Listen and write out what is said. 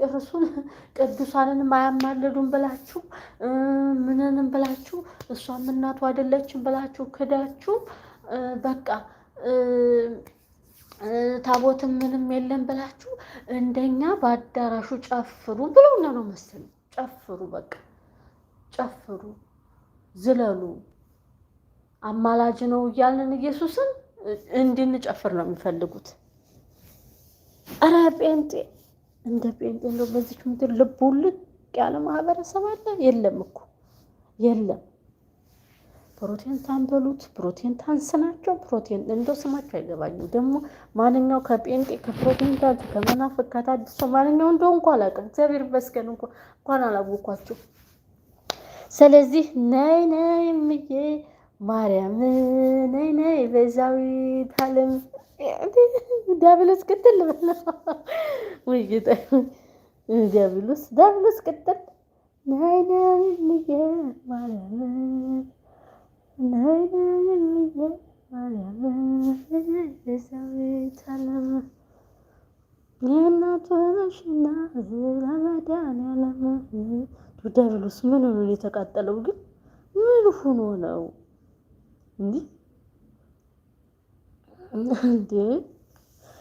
ጭርሱን ቅዱሳንን ማያማልዱን ብላችሁ ምንንም ብላችሁ እሷም እናቱ አይደለችም ብላችሁ ክዳችሁ በቃ ታቦትም ምንም የለም ብላችሁ እንደኛ በአዳራሹ ጨፍሩ ብለውና ነው መሰለኝ። ጨፍሩ በቃ ጨፍሩ፣ ዝለሉ። አማላጅ ነው እያልን ኢየሱስን እንድንጨፍር ነው የሚፈልጉት። ኧረ ጴንጤ እንደ ጴንጤ በዚች ምድር ልቡ ልቅ ያለ ማህበረሰብ አለ? የለም እኮ የለም። ፕሮቴንታን ታንበሉት፣ ፕሮቴንታንስ ታንስናቸው። ፕሮቴን እንደው ስማቸው አይገባኝም። ደግሞ ማንኛው ከጴንጤ ከፕሮቴንታንት ከመናፍቅ ከታድሶ ማንኛው እንደው እንኳ አላውቅም። እግዚአብሔር ይመስገን እንኳ እንኳን አላወኳቸው። ስለዚህ ነይ ነይ ምዬ ማርያም ነይ ነይ በዛዊ ቤዛዊት ዓለም ዳብለስ ክትል ወይ ዲያብሎስ ዲያብሎስ ቅጥል ናይና ልየ ማርያም ናይና ልየ ማርያም ቤዛዊት ዓለም የእናቱ ነሽና ለመዳን ዲያብሎስ ምን ሆኖ ነው የተቃጠለው? ግን ምን ሆኖ ነው እንዲህ እንዴ?